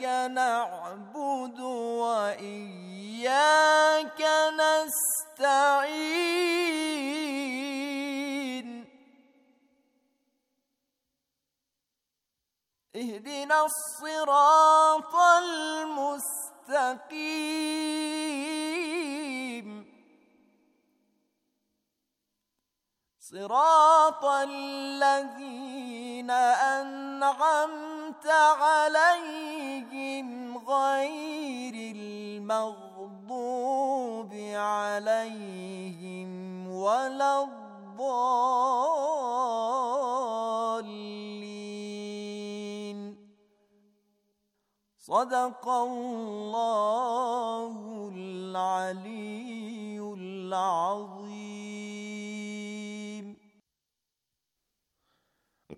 إياك نعبد وإياك نستعين اهدنا الصراط المستقيم صراط الذين الذين أنعمت عليهم غير المغضوب عليهم ولا الضالين صدق الله العلي العظيم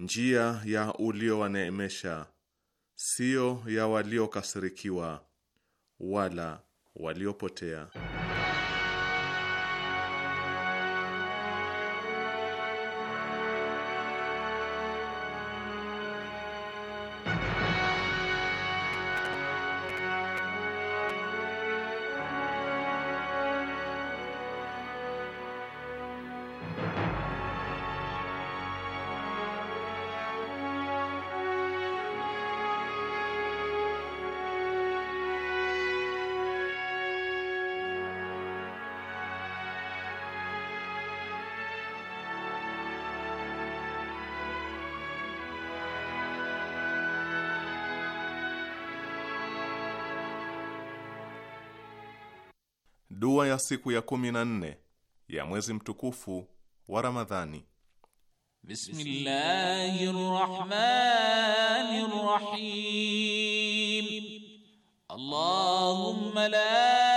njia ya uliowaneemesha, siyo ya waliokasirikiwa wala waliopotea. Dua ya siku ya kumi na nne ya mwezi mtukufu wa Ramadhani. Bismillahir Rahmanir Rahim. Allahumma la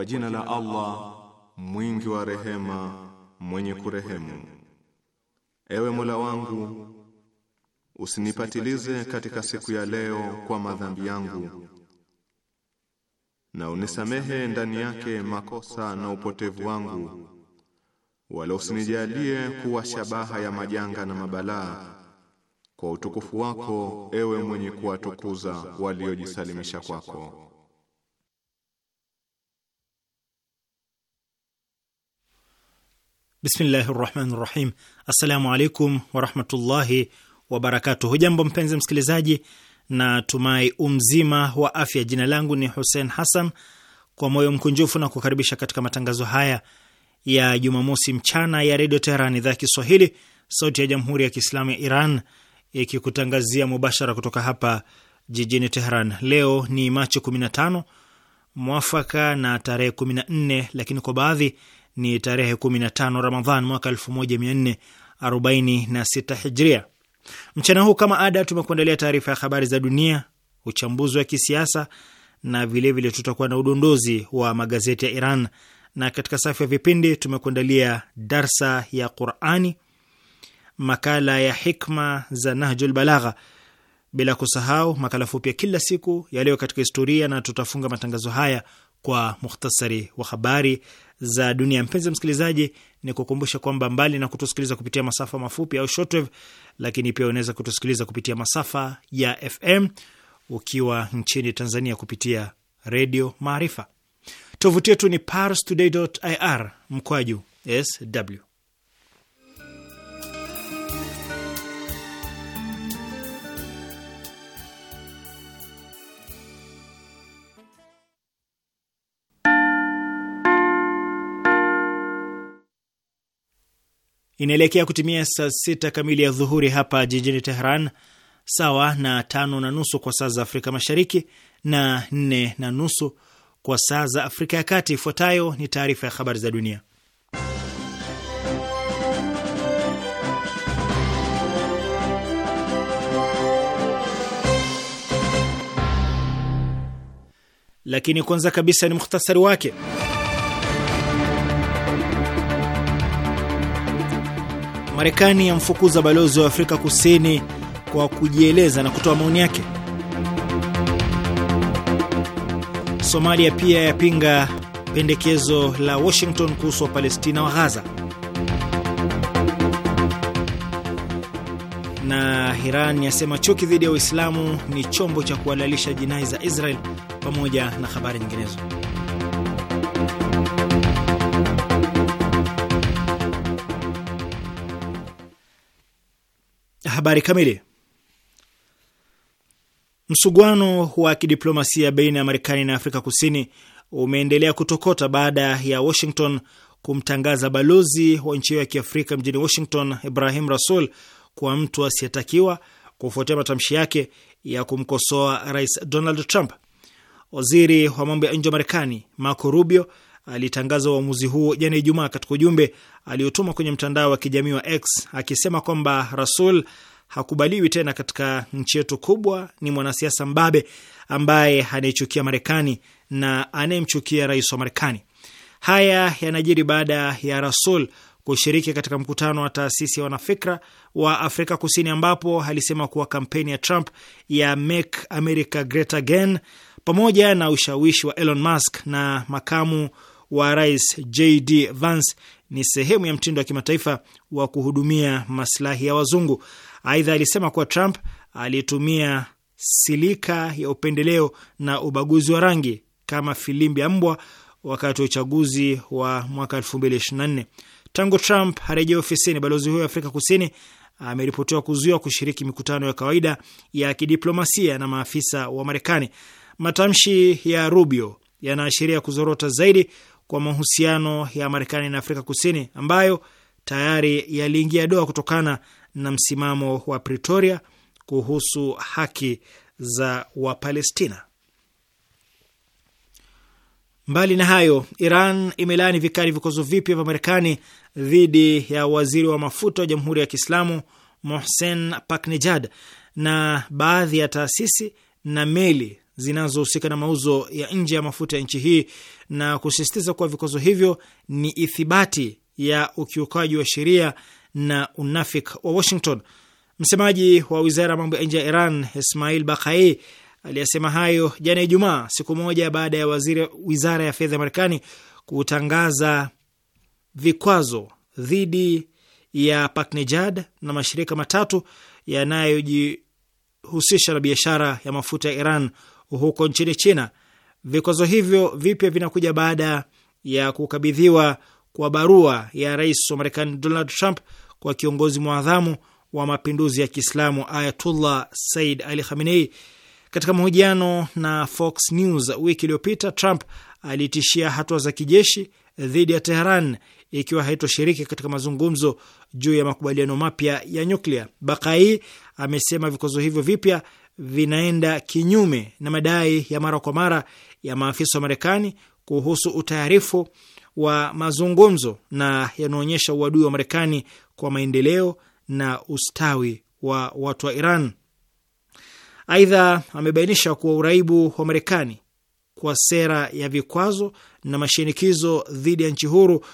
Kwa jina la Allah mwingi wa rehema, mwenye kurehemu. Ewe Mola wangu, usinipatilize katika siku ya leo kwa madhambi yangu, na unisamehe ndani yake makosa na upotevu wangu, wala usinijalie kuwa shabaha ya majanga na mabalaa, kwa utukufu wako, ewe mwenye kuwatukuza waliojisalimisha kwako. Bismillahi rahmani rahim. Assalamu alaikum warahmatullahi wabarakatu Hujambo mpenzi msikilizaji, na tumai umzima wa afya. Jina langu ni Hussein Hassan, kwa moyo mkunjufu na kukaribisha katika matangazo haya ya Jumamosi mchana ya Redio Teheran, idhaa ya Kiswahili, sauti ya Jamhuri ya Kiislamu ya Iran, ikikutangazia mubashara kutoka hapa jijini Teheran. Leo ni Machi 15 mwafaka na tarehe 14, lakini kwa baadhi ni tarehe 15 Ramadhan mwaka 1446 Hijria. Mchana huu kama ada, tumekuandalia taarifa ya habari za dunia, uchambuzi wa kisiasa na vilevile tutakuwa na udondozi wa magazeti ya Iran, na katika safu ya vipindi tumekuandalia darsa ya Qurani, makala ya hikma za Nahjul Balagha, bila kusahau makala fupi ya kila siku yaliyo katika historia, na tutafunga matangazo haya kwa mukhtasari wa habari za dunia. Mpenzi msikilizaji, ni kukumbusha kwamba mbali na kutusikiliza kupitia masafa mafupi au shortwave, lakini pia unaweza kutusikiliza kupitia masafa ya FM ukiwa nchini Tanzania kupitia Redio Maarifa. Tovuti yetu ni parstoday.ir mkwaju sw inaelekea kutimia saa sita kamili ya dhuhuri hapa jijini Tehran, sawa na tano na nusu kwa saa za Afrika Mashariki na nne na nusu kwa saa za Afrika ya Kati. Ifuatayo ni taarifa ya habari za dunia, lakini kwanza kabisa ni muhtasari wake. Marekani yamfukuza balozi wa Afrika Kusini kwa kujieleza na kutoa maoni yake. Somalia pia yapinga pendekezo la Washington kuhusu Wapalestina wa Ghaza, na Iran yasema chuki dhidi ya Uislamu ni chombo cha kuhalalisha jinai za Israel, pamoja na habari nyinginezo. Habari kamili. Msuguano wa kidiplomasia baina ya Marekani na Afrika Kusini umeendelea kutokota baada ya Washington kumtangaza balozi wa nchi hiyo ya kiafrika mjini Washington, Ibrahim Rasul, kwa mtu asiyetakiwa kufuatia matamshi yake ya kumkosoa Rais Donald Trump. Waziri wa mambo ya nje wa Marekani Marco Rubio alitangaza uamuzi huo jana Ijumaa katika ujumbe aliotuma kwenye mtandao wa kijamii wa X akisema kwamba Rasul hakubaliwi tena katika nchi yetu kubwa, ni mwanasiasa mbabe ambaye anaichukia Marekani na anayemchukia rais wa Marekani. Haya yanajiri baada ya Rasul kushiriki katika mkutano wa taasisi ya wanafikra wa Afrika Kusini, ambapo alisema kuwa kampeni ya Trump ya Make America Great Again pamoja na ushawishi wa Elon Musk na makamu wa rais JD Vance ni sehemu ya mtindo wa kimataifa wa kuhudumia maslahi ya wazungu. Aidha alisema kuwa Trump alitumia silika ya upendeleo na ubaguzi wa rangi kama filimbi ya mbwa wakati wa uchaguzi wa mwaka 2024. Tangu Trump harejea ofisini, balozi huyo wa Afrika Kusini ameripotiwa kuzuiwa kushiriki mikutano ya kawaida ya kidiplomasia na maafisa wa Marekani. Matamshi ya Rubio yanaashiria kuzorota zaidi kwa mahusiano ya Marekani na Afrika Kusini ambayo tayari yaliingia doa kutokana na msimamo wa Pretoria kuhusu haki za Wapalestina. Mbali na hayo, Iran imelaani vikali vikwazo vipya vya Marekani dhidi ya waziri wa mafuta wa Jamhuri ya Kiislamu Mohsen Paknejad na baadhi ya taasisi na meli zinazohusika na mauzo ya nje ya mafuta ya nchi hii na kusisitiza kuwa vikwazo hivyo ni ithibati ya ukiukaji wa sheria na unafik wa Washington. Msemaji wa wizara ya mambo ya nje ya Iran Ismail Bakai aliyasema hayo jana Ijumaa, siku moja baada ya waziri wizara ya fedha ya Marekani kutangaza vikwazo dhidi ya Paknejad na mashirika matatu yanayojihusisha na biashara ya mafuta ya Iran huko nchini China. Vikwazo hivyo vipya vinakuja baada ya kukabidhiwa kwa barua ya rais wa Marekani Donald Trump kwa kiongozi mwadhamu wa mapinduzi ya Kiislamu Ayatullah Said Ali Khamenei. Katika mahojiano na Fox News wiki iliyopita, Trump alitishia hatua za kijeshi dhidi ya Teheran ikiwa haitoshiriki katika mazungumzo juu ya makubaliano mapya ya nyuklia. Bakai amesema vikwazo hivyo vipya vinaenda kinyume na madai ya mara kwa mara ya maafisa wa Marekani kuhusu utayarifu wa mazungumzo na yanaonyesha uadui wa Marekani kwa maendeleo na ustawi wa watu wa Iran. Aidha, amebainisha kuwa uraibu wa Marekani kwa sera ya vikwazo na mashinikizo dhidi ya nchi huru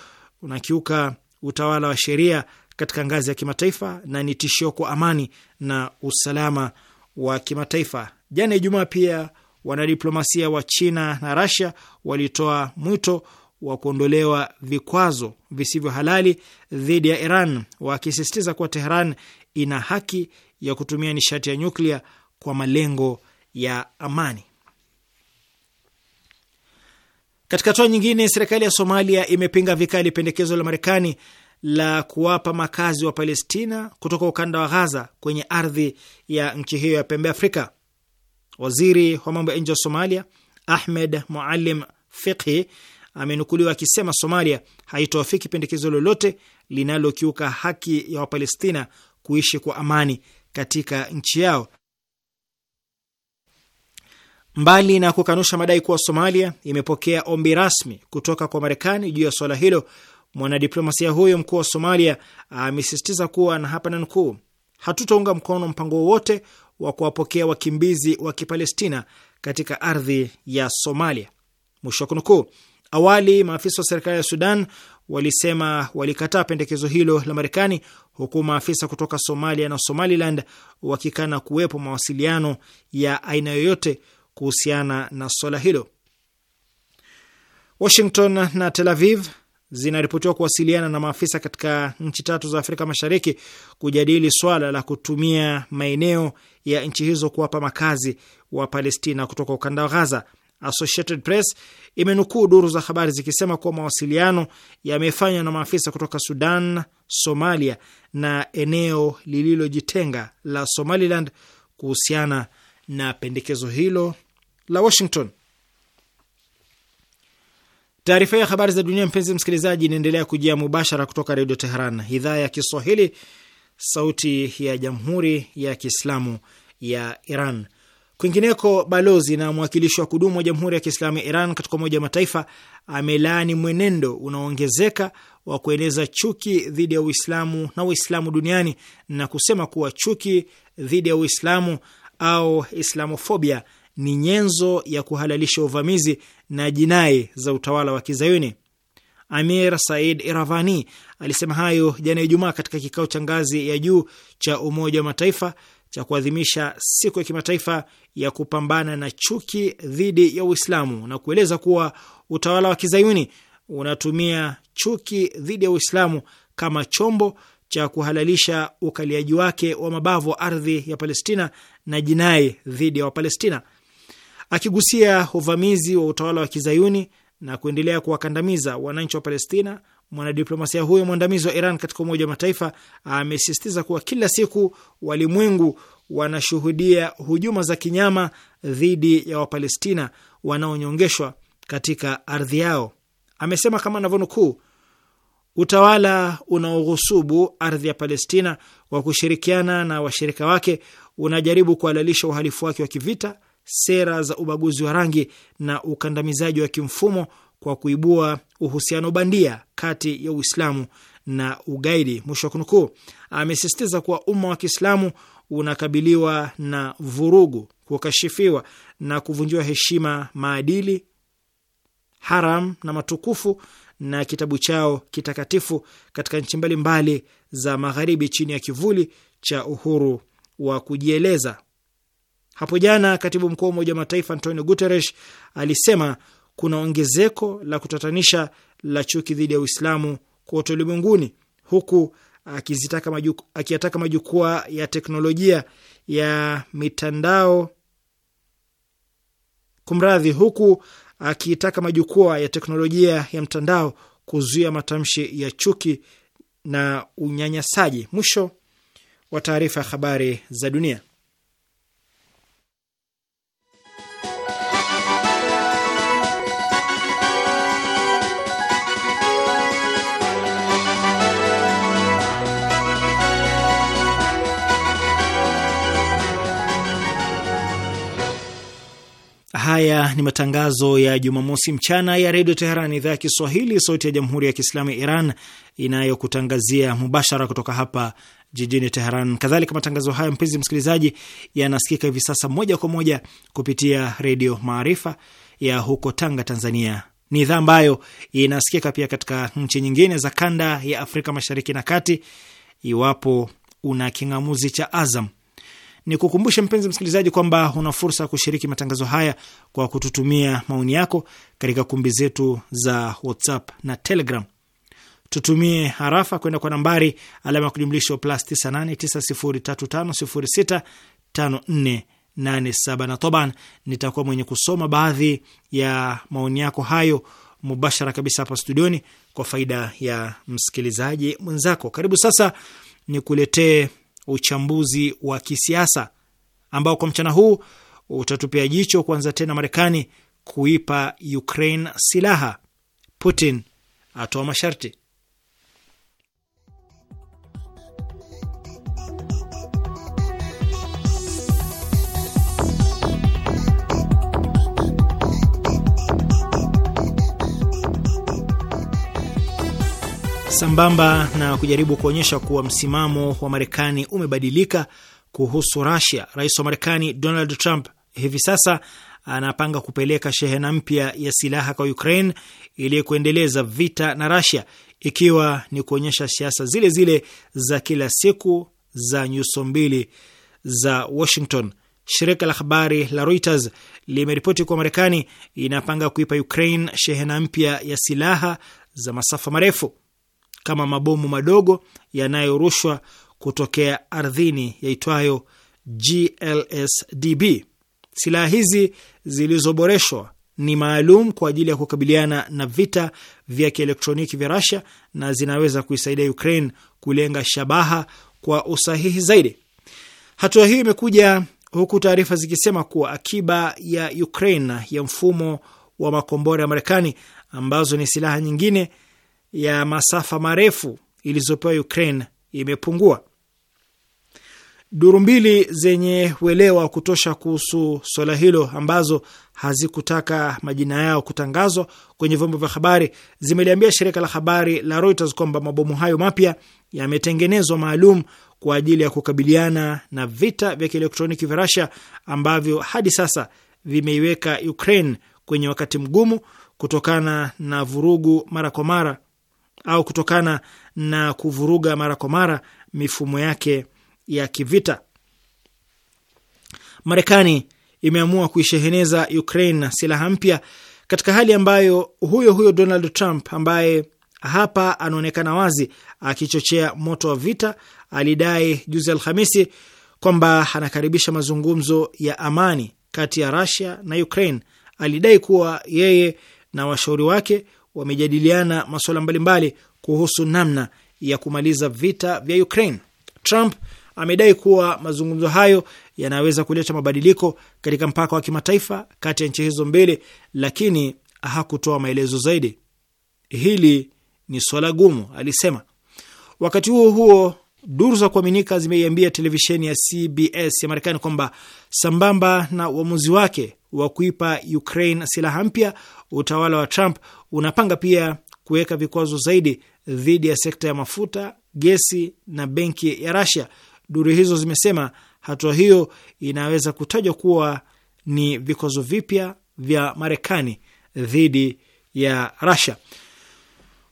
unakiuka utawala wa sheria katika ngazi ya kimataifa na ni tishio kwa amani na usalama wa kimataifa. Jana Ijumaa pia wanadiplomasia wa China na Rasia walitoa mwito wa kuondolewa vikwazo visivyo halali dhidi ya Iran, wakisisitiza kuwa Tehran ina haki ya kutumia nishati ya nyuklia kwa malengo ya amani. Katika hatua nyingine, serikali ya Somalia imepinga vikali pendekezo la Marekani la kuwapa makazi wa Palestina kutoka ukanda wa Ghaza kwenye ardhi ya nchi hiyo ya pembe Afrika. Waziri wa mambo ya nje wa Somalia Ahmed Mualim Fiqhi amenukuliwa akisema Somalia haitoafiki pendekezo lolote linalokiuka haki ya Wapalestina kuishi kwa amani katika nchi yao. Mbali na kukanusha madai kuwa Somalia imepokea ombi rasmi kutoka kwa Marekani juu ya swala hilo, mwanadiplomasia huyo mkuu wa Somalia amesisitiza kuwa na hapa nukuu, hatutaunga mkono mpango wowote wa kuwapokea wakimbizi wa Kipalestina katika ardhi ya Somalia, mwisho wa kunukuu. Awali maafisa wa serikali ya Sudan walisema walikataa pendekezo hilo la Marekani, huku maafisa kutoka Somalia na Somaliland wakikana kuwepo mawasiliano ya aina yoyote kuhusiana na swala hilo. Washington na Tel Aviv zinaripotiwa kuwasiliana na maafisa katika nchi tatu za Afrika Mashariki kujadili swala la kutumia maeneo ya nchi hizo kuwapa makazi wa Palestina kutoka ukanda wa Ghaza. Associated Press imenukuu duru za habari zikisema kuwa mawasiliano yamefanywa na maafisa kutoka Sudan, Somalia na eneo lililojitenga la Somaliland kuhusiana na pendekezo hilo la Washington. Taarifa ya habari za dunia, mpenzi msikilizaji, inaendelea kujia mubashara kutoka Redio Teheran, idhaa ya Kiswahili, sauti ya Jamhuri ya Kiislamu ya Iran. Kwingineko, balozi na mwakilishi wa kudumu wa Jamhuri ya Kiislamu ya Iran katika Umoja wa Mataifa amelaani mwenendo unaoongezeka wa kueneza chuki dhidi ya Uislamu na uislamu duniani na kusema kuwa chuki dhidi ya Uislamu au islamofobia ni nyenzo ya kuhalalisha uvamizi na jinai za utawala wa Kizayuni. Amir Said Iravani alisema hayo jana Ijumaa katika kikao cha ngazi ya juu cha Umoja wa Mataifa cha kuadhimisha siku ya kimataifa ya kupambana na chuki dhidi ya Uislamu na kueleza kuwa utawala wa kizayuni unatumia chuki dhidi ya Uislamu kama chombo cha kuhalalisha ukaliaji wake wa mabavu wa ardhi ya Palestina na jinai dhidi ya Wapalestina. Akigusia uvamizi wa utawala wa kizayuni na kuendelea kuwakandamiza wananchi wa Palestina Mwanadiplomasia huyo mwandamizi wa Iran katika Umoja wa Mataifa amesisitiza kuwa kila siku walimwengu wanashuhudia hujuma za kinyama dhidi ya Wapalestina wanaonyongeshwa katika ardhi yao. Amesema kama navyonukuu, utawala unaoghusubu ardhi ya Palestina kwa kushirikiana na washirika wake unajaribu kuhalalisha uhalifu wake wa kivita, sera za ubaguzi wa rangi na ukandamizaji wa kimfumo kwa kuibua uhusiano bandia kati ya Uislamu na ugaidi, mwisho wa kunukuu. Amesisitiza kuwa umma wa Kiislamu unakabiliwa na vurugu, kukashifiwa na kuvunjiwa heshima maadili haram na matukufu na kitabu chao kitakatifu katika nchi mbalimbali za magharibi chini ya kivuli cha uhuru wa kujieleza. Hapo jana katibu mkuu wa Umoja wa Mataifa Antonio Guterres alisema kuna ongezeko la kutatanisha la chuki dhidi ya Uislamu kote ulimwenguni, huku akizitaka majuku, akiyataka majukwaa ya teknolojia ya mitandao kumradhi, huku akiitaka majukwaa ya teknolojia ya mtandao kuzuia matamshi ya chuki na unyanyasaji. Mwisho wa taarifa ya habari za dunia. Haya ni matangazo ya Jumamosi mchana ya Redio Teheran, idhaa ya Kiswahili, sauti ya Jamhuri ya Kiislamu ya Iran inayokutangazia mubashara kutoka hapa jijini Teheran. Kadhalika, matangazo haya mpenzi msikilizaji, yanasikika hivi sasa moja kwa moja kupitia Redio Maarifa ya huko Tanga, Tanzania. Ni idhaa ambayo inasikika pia katika nchi nyingine za kanda ya Afrika Mashariki na Kati, iwapo una king'amuzi cha Azam ni kukumbushe mpenzi msikilizaji kwamba una fursa ya kushiriki matangazo haya kwa kututumia maoni yako katika kumbi zetu za WhatsApp na Telegram. Tutumie harafa kwenda kwa nambari alama ya kujumlisha plus 989035065487 na toban, nitakuwa mwenye kusoma baadhi ya maoni yako hayo mubashara kabisa hapa studioni kwa faida ya msikilizaji mwenzako. Karibu sasa ni kuletee uchambuzi wa kisiasa ambao kwa mchana huu utatupia jicho kwanza tena Marekani kuipa Ukraine silaha, Putin atoa masharti. sambamba na kujaribu kuonyesha kuwa msimamo wa Marekani umebadilika kuhusu rasia Rais wa Marekani Donald Trump hivi sasa anapanga kupeleka shehena mpya ya silaha kwa Ukraine ili kuendeleza vita na rasia ikiwa ni kuonyesha siasa zile zile za kila siku za nyuso mbili za Washington. Shirika la habari la Reuters limeripoti kuwa Marekani inapanga kuipa Ukraine shehena mpya ya silaha za masafa marefu kama mabomu madogo yanayorushwa kutokea ardhini yaitwayo GLSDB. Silaha hizi zilizoboreshwa ni maalum kwa ajili ya kukabiliana na vita vya kielektroniki vya Russia na zinaweza kuisaidia Ukraine kulenga shabaha kwa usahihi zaidi. Hatua hiyo imekuja huku taarifa zikisema kuwa akiba ya Ukraine ya mfumo wa makombora ya Marekani ambazo ni silaha nyingine ya masafa marefu ilizopewa Ukraine imepungua. Duru mbili zenye uelewa wa kutosha kuhusu swala hilo ambazo hazikutaka majina yao kutangazwa kwenye vyombo vya habari zimeliambia shirika la habari la Reuters kwamba mabomu hayo mapya yametengenezwa maalum kwa ajili ya kukabiliana na vita vya kielektroniki vya Russia ambavyo hadi sasa vimeiweka Ukraine kwenye wakati mgumu kutokana na vurugu mara kwa mara au kutokana na kuvuruga mara kwa mara mifumo yake ya kivita. Marekani imeamua kuisheheneza Ukraine silaha mpya katika hali ambayo huyo huyo Donald Trump ambaye hapa anaonekana wazi akichochea moto wa vita alidai juzi Alhamisi kwamba anakaribisha mazungumzo ya amani kati ya Russia na Ukraine. Alidai kuwa yeye na washauri wake wamejadiliana masuala mbalimbali kuhusu namna ya kumaliza vita vya Ukraine. Trump amedai kuwa mazungumzo hayo yanaweza kuleta mabadiliko katika mpaka wa kimataifa kati ya nchi hizo mbili, lakini hakutoa maelezo zaidi. Hili ni swala gumu, alisema. Wakati huo huo, duru za kuaminika zimeiambia televisheni ya CBS ya Marekani kwamba sambamba na uamuzi wake wa kuipa Ukraine silaha mpya, utawala wa Trump unapanga pia kuweka vikwazo zaidi dhidi ya sekta ya mafuta, gesi na benki ya Rasia. Duru hizo zimesema hatua hiyo inaweza kutajwa kuwa ni vikwazo vipya vya Marekani dhidi ya Rasia.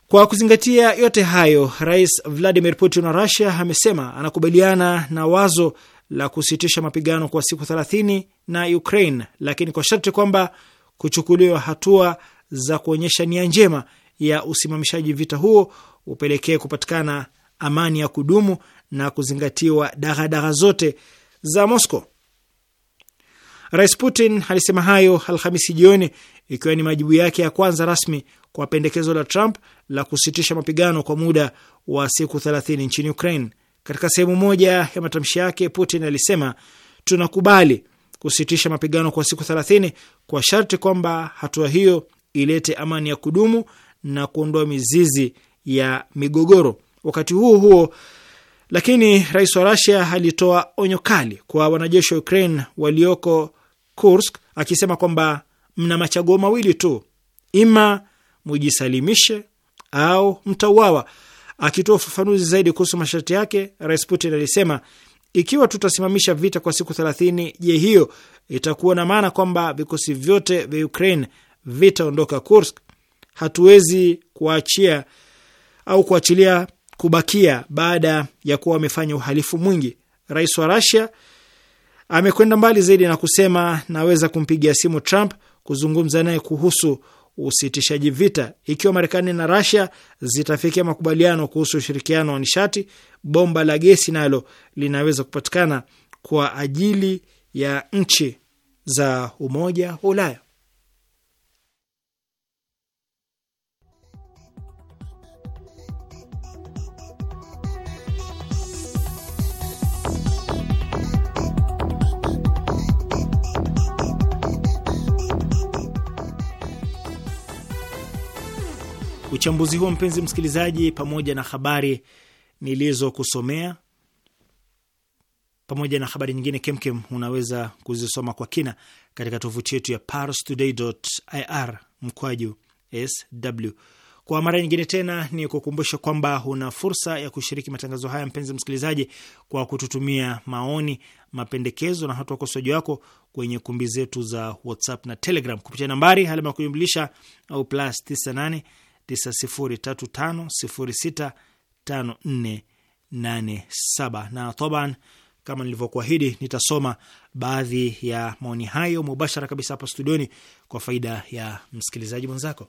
Kwa kuzingatia yote hayo, Rais Vladimir Putin wa Rasia amesema anakubaliana na wazo la kusitisha mapigano kwa siku thelathini na Ukraine, lakini kwa sharti kwamba kuchukuliwa hatua za kuonyesha nia njema ya usimamishaji vita huo upelekee kupatikana amani ya kudumu na kuzingatiwa dagadaga zote za Moscow. Rais Putin alisema hayo Alhamisi jioni ikiwa ni majibu yake ya kwanza rasmi kwa pendekezo la Trump la kusitisha mapigano kwa muda wa siku 30 nchini Ukraine. Katika sehemu moja ya matamshi yake, Putin alisema, tunakubali kusitisha mapigano kwa siku 30 kwa sharti kwamba hatua hiyo ilete amani ya kudumu na kuondoa mizizi ya migogoro. Wakati huo huo, lakini rais wa Rasia alitoa onyo kali kwa wanajeshi wa Ukraine walioko Kursk akisema kwamba mna machaguo mawili tu, ima mujisalimishe au mtauawa. Akitoa ufafanuzi zaidi kuhusu masharti yake, rais Putin alisema ikiwa tutasimamisha vita kwa siku thelathini, je, hiyo itakuwa na maana kwamba vikosi vyote vya Ukraine vitaondoka Kursk, hatuwezi kuachia au kuachilia kubakia baada ya kuwa wamefanya uhalifu mwingi. Rais wa Russia amekwenda mbali zaidi na kusema, naweza kumpigia simu Trump kuzungumza naye kuhusu usitishaji vita. Ikiwa Marekani na Russia zitafikia makubaliano kuhusu ushirikiano wa nishati, bomba la gesi nalo linaweza kupatikana kwa ajili ya nchi za Umoja wa Ulaya. Uchambuzi huo mpenzi msikilizaji, pamoja na habari nilizokusomea pamoja na habari nyingine kemkem, unaweza kuzisoma kwa kina katika tovuti yetu ya parstoday.ir mkwaju sw. Kwa mara nyingine tena ni kukumbusha kwamba una fursa ya kushiriki matangazo haya, mpenzi msikilizaji, kwa kututumia maoni, mapendekezo na hata ukosoaji wako kwenye kumbi zetu za WhatsApp na Telegram kupitia nambari alama ya kujumlisha au plus 98 9035065487. Na toban, kama nilivyokuahidi, nitasoma baadhi ya maoni hayo mubashara kabisa hapa studioni kwa faida ya msikilizaji mwenzako.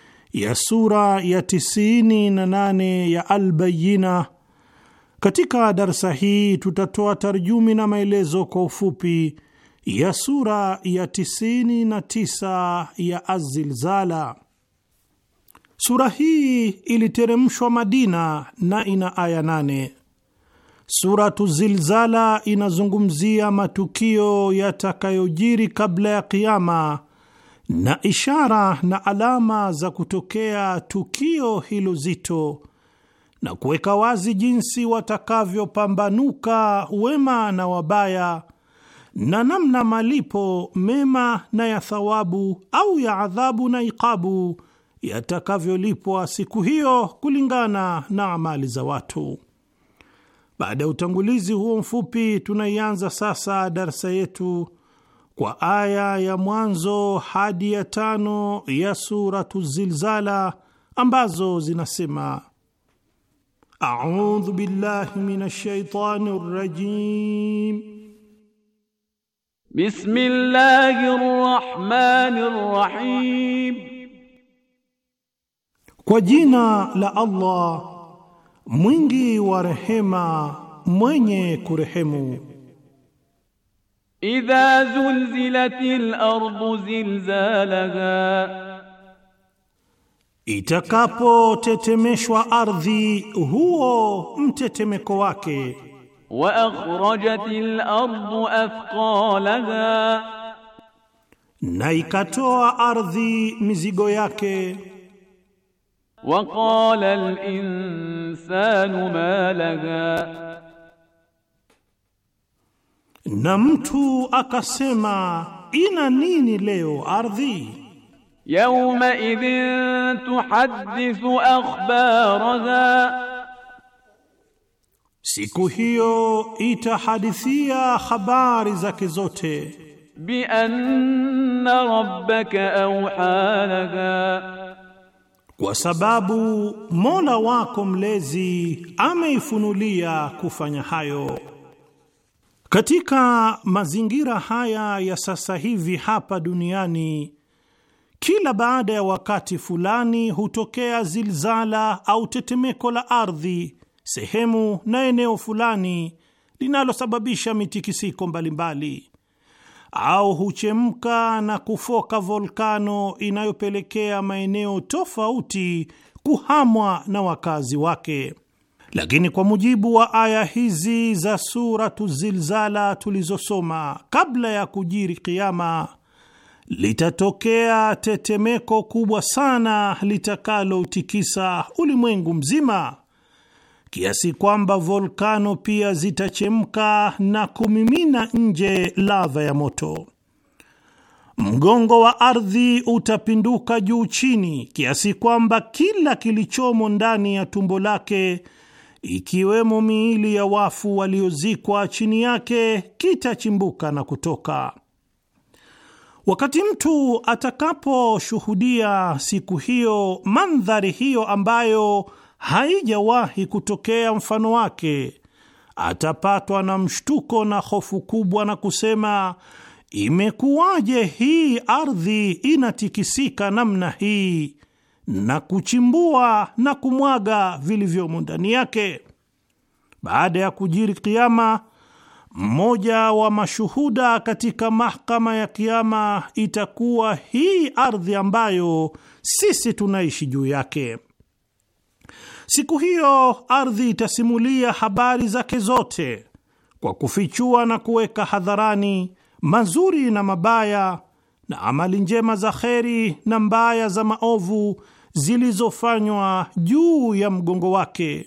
ya sura ya 98 ya Albayina. Katika darsa hii tutatoa tarjumi na maelezo kwa ufupi ya sura ya 99 ya Azilzala. Sura hii iliteremshwa Madina na ina aya nane. Suratu Zilzala inazungumzia matukio yatakayojiri kabla ya Kiama na ishara na alama za kutokea tukio hilo zito na kuweka wazi jinsi watakavyopambanuka wema na wabaya na namna malipo mema na ya thawabu au ya adhabu na iqabu yatakavyolipwa siku hiyo kulingana na amali za watu. Baada ya utangulizi huo mfupi, tunaianza sasa darsa yetu kwa aya ya mwanzo hadi ya tano ya Suratu Zilzala ambazo zinasema: audhu billahi minash shaitani rrajim, bismillahir rahim, kwa jina la Allah mwingi wa rehema mwenye kurehemu. إذا زلزلت الأرض زلزالها itakapotetemeshwa ardhi huo mtetemeko wake waakhrajatil ardu athqalaha na ikatoa ardhi mizigo yake waqala al insanu ma laha Na mtu akasema ina nini leo ardhi? Yawma idhin tuhaddithu akhbaraha, siku hiyo itahadithia habari zake zote. Bi anna rabbaka awha laha, kwa sababu Mola wako mlezi ameifunulia kufanya hayo. Katika mazingira haya ya sasa hivi hapa duniani, kila baada ya wakati fulani hutokea zilzala au tetemeko la ardhi sehemu na eneo fulani linalosababisha mitikisiko mbalimbali, au huchemka na kufoka volkano inayopelekea maeneo tofauti kuhamwa na wakazi wake. Lakini kwa mujibu wa aya hizi za Suratu Zilzala tulizosoma, kabla ya kujiri kiama litatokea tetemeko kubwa sana litakalotikisa ulimwengu mzima kiasi kwamba volkano pia zitachemka na kumimina nje lava ya moto. Mgongo wa ardhi utapinduka juu chini kiasi kwamba kila kilichomo ndani ya tumbo lake ikiwemo miili ya wafu waliozikwa chini yake kitachimbuka na kutoka. Wakati mtu atakaposhuhudia siku hiyo mandhari hiyo ambayo haijawahi kutokea mfano wake, atapatwa na mshtuko na hofu kubwa na kusema, imekuwaje hii ardhi inatikisika namna hii na kuchimbua na kumwaga vilivyomo ndani yake. Baada ya kujiri kiama, mmoja wa mashuhuda katika mahakama ya kiama itakuwa hii ardhi ambayo sisi tunaishi juu yake. Siku hiyo ardhi itasimulia habari zake zote kwa kufichua na kuweka hadharani mazuri na mabaya na amali njema za kheri na mbaya za maovu zilizofanywa juu ya mgongo wake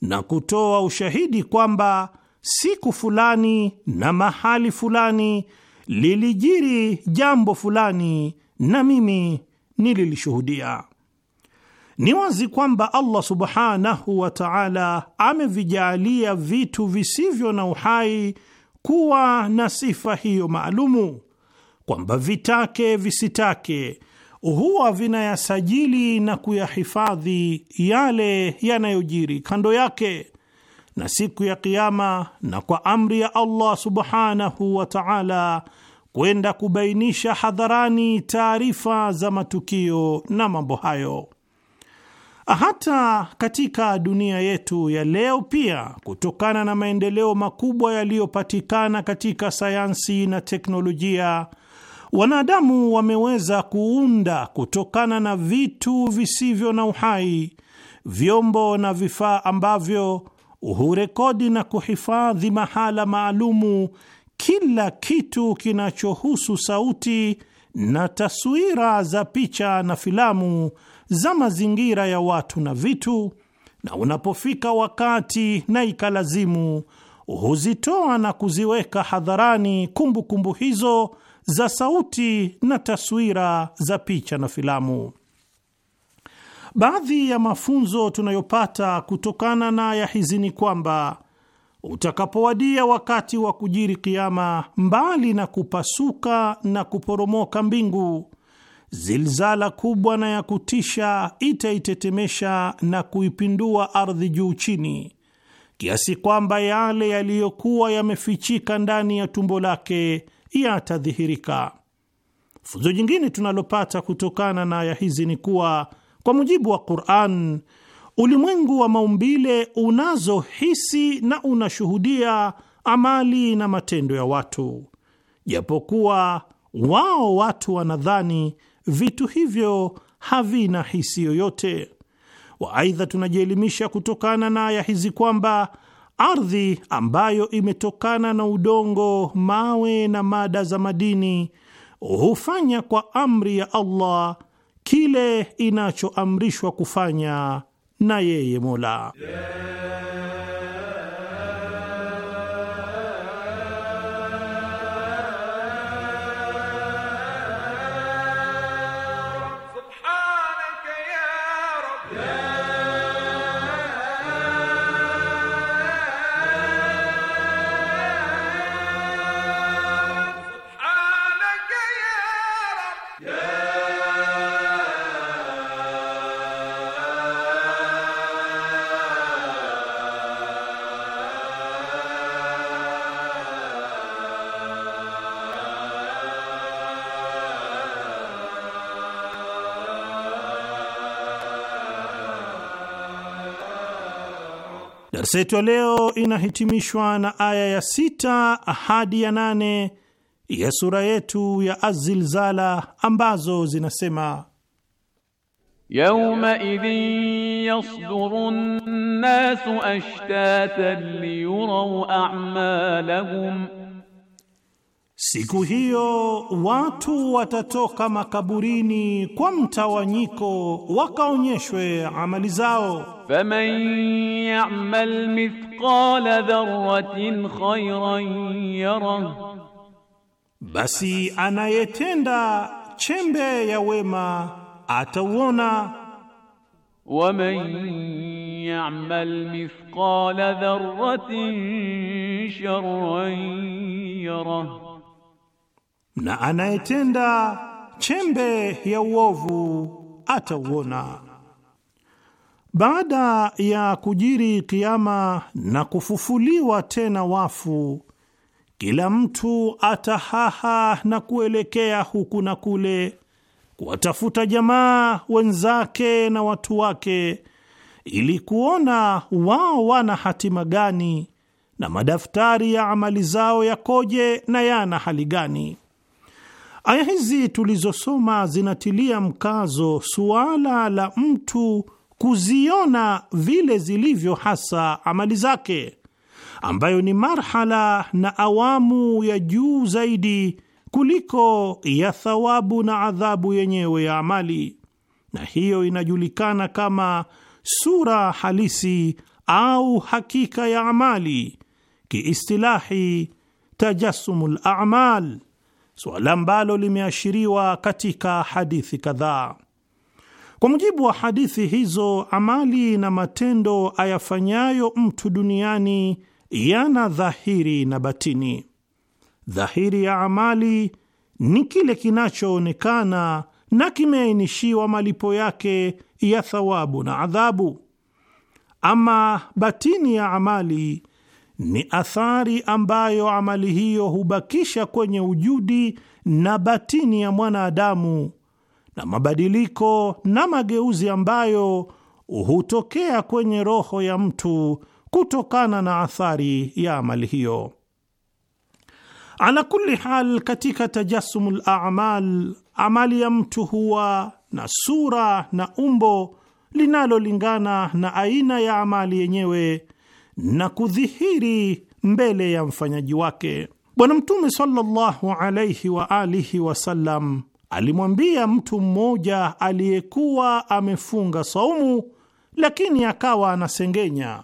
na kutoa ushahidi kwamba siku fulani na mahali fulani lilijiri jambo fulani na mimi nililishuhudia. Ni wazi kwamba Allah subhanahu wa ta'ala amevijaalia vitu visivyo na uhai kuwa na sifa hiyo maalumu kwamba vitake visitake huwa vinayasajili na kuyahifadhi yale yanayojiri kando yake, na siku ya Kiama na kwa amri ya Allah subhanahu wa ta'ala kwenda kubainisha hadharani taarifa za matukio na mambo hayo. Hata katika dunia yetu ya leo pia, kutokana na maendeleo makubwa yaliyopatikana katika sayansi na teknolojia Wanadamu wameweza kuunda kutokana na vitu visivyo na uhai vyombo na vifaa ambavyo hurekodi na kuhifadhi mahala maalumu kila kitu kinachohusu sauti na taswira za picha na filamu za mazingira ya watu na vitu, na unapofika wakati na ikalazimu, huzitoa na kuziweka hadharani kumbukumbu hizo za sauti na taswira za picha na filamu. Baadhi ya mafunzo tunayopata kutokana na ya hizi ni kwamba utakapowadia wakati wa kujiri kiama, mbali na kupasuka na kuporomoka mbingu, zilzala kubwa na ya kutisha itaitetemesha na kuipindua ardhi juu chini, kiasi kwamba yale yaliyokuwa yamefichika ndani ya tumbo lake yatadhihirika. Funzo jingine tunalopata kutokana na aya hizi ni kuwa kwa mujibu wa Qur'an, ulimwengu wa maumbile unazohisi na unashuhudia amali na matendo ya watu, japokuwa wao watu wanadhani vitu hivyo havina hisi yoyote. Waaidha, tunajielimisha kutokana na aya hizi kwamba ardhi ambayo imetokana na udongo, mawe na mada za madini hufanya kwa amri ya Allah kile inachoamrishwa kufanya na yeye Mola yeah. Darsa yetu ya leo inahitimishwa na aya ya sita hadi ya nane ya sura yetu ya Azilzala ambazo zinasema Yawma yasduru yasdurun nasu ashtatan liyuraw a'malahum Siku hiyo watu watatoka makaburini kwa mtawanyiko, wakaonyeshwe amali zao. faman ya'mal mithqala dharratin khayran yarah, basi anayetenda chembe ya wema atauona. waman ya'mal mithqala dharratin sharran yarah na anayetenda chembe ya uovu atauona. Baada ya kujiri kiama na kufufuliwa tena wafu, kila mtu atahaha na kuelekea huku na kule kuwatafuta jamaa wenzake na watu wake ili kuona wao wana hatima gani na madaftari ya amali zao yakoje na yana hali gani. Aya hizi tulizosoma zinatilia mkazo suala la mtu kuziona vile zilivyo hasa amali zake, ambayo ni marhala na awamu ya juu zaidi kuliko ya thawabu na adhabu yenyewe ya amali, na hiyo inajulikana kama sura halisi au hakika ya amali, kiistilahi tajasumul a'mal suala ambalo limeashiriwa katika hadithi kadhaa. Kwa mujibu wa hadithi hizo, amali na matendo ayafanyayo mtu duniani yana dhahiri na batini. Dhahiri ya amali ni kile kinachoonekana na kimeainishiwa malipo yake ya thawabu na adhabu. Ama batini ya amali ni athari ambayo amali hiyo hubakisha kwenye ujudi na batini ya mwanadamu na mabadiliko na mageuzi ambayo hutokea kwenye roho ya mtu kutokana na athari ya amali hiyo. Ala kulli hal, katika tajasumul amal, amali ya mtu huwa na sura na umbo linalolingana na aina ya amali yenyewe na kudhihiri mbele ya mfanyaji wake. Bwana Mtume sallallahu alaihi wa alihi wasallam alimwambia mtu mmoja aliyekuwa amefunga saumu lakini akawa anasengenya,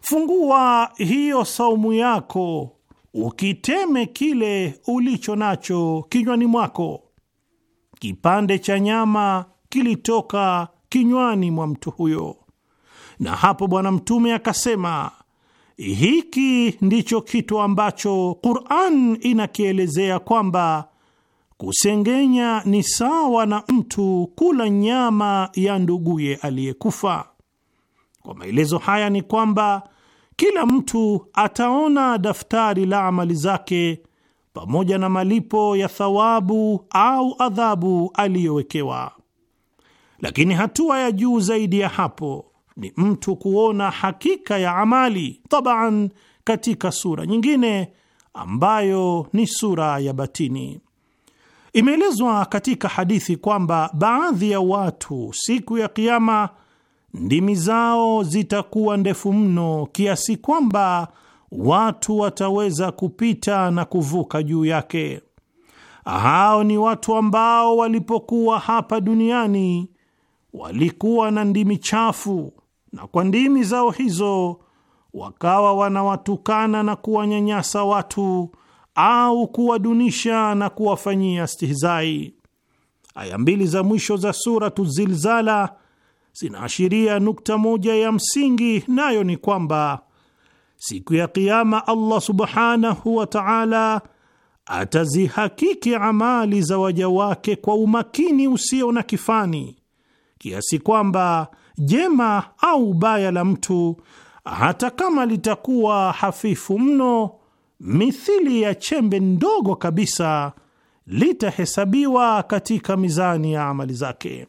fungua hiyo saumu yako ukiteme kile ulicho nacho kinywani mwako. Kipande cha nyama kilitoka kinywani mwa mtu huyo. Na hapo Bwana Mtume akasema, hiki ndicho kitu ambacho Qur'an inakielezea kwamba kusengenya ni sawa na mtu kula nyama ya nduguye aliyekufa. Kwa maelezo haya ni kwamba kila mtu ataona daftari la amali zake pamoja na malipo ya thawabu au adhabu aliyowekewa. Lakini hatua ya juu zaidi ya hapo ni mtu kuona hakika ya amali tabaan, katika sura nyingine ambayo ni sura ya batini. Imeelezwa katika hadithi kwamba baadhi ya watu siku ya Kiama ndimi zao zitakuwa ndefu mno kiasi kwamba watu wataweza kupita na kuvuka juu yake. Hao ni watu ambao walipokuwa hapa duniani walikuwa na ndimi chafu na kwa ndimi zao hizo wakawa wanawatukana na kuwanyanyasa watu au kuwadunisha na kuwafanyia stihizai. Aya mbili za mwisho za Suratu Zilzala zinaashiria nukta moja ya msingi, nayo ni kwamba siku ya Kiama Allah subhanahu wa taala atazihakiki amali za waja wake kwa umakini usio na kifani kiasi kwamba jema au baya la mtu, hata kama litakuwa hafifu mno, mithili ya chembe ndogo kabisa, litahesabiwa katika mizani ya amali zake.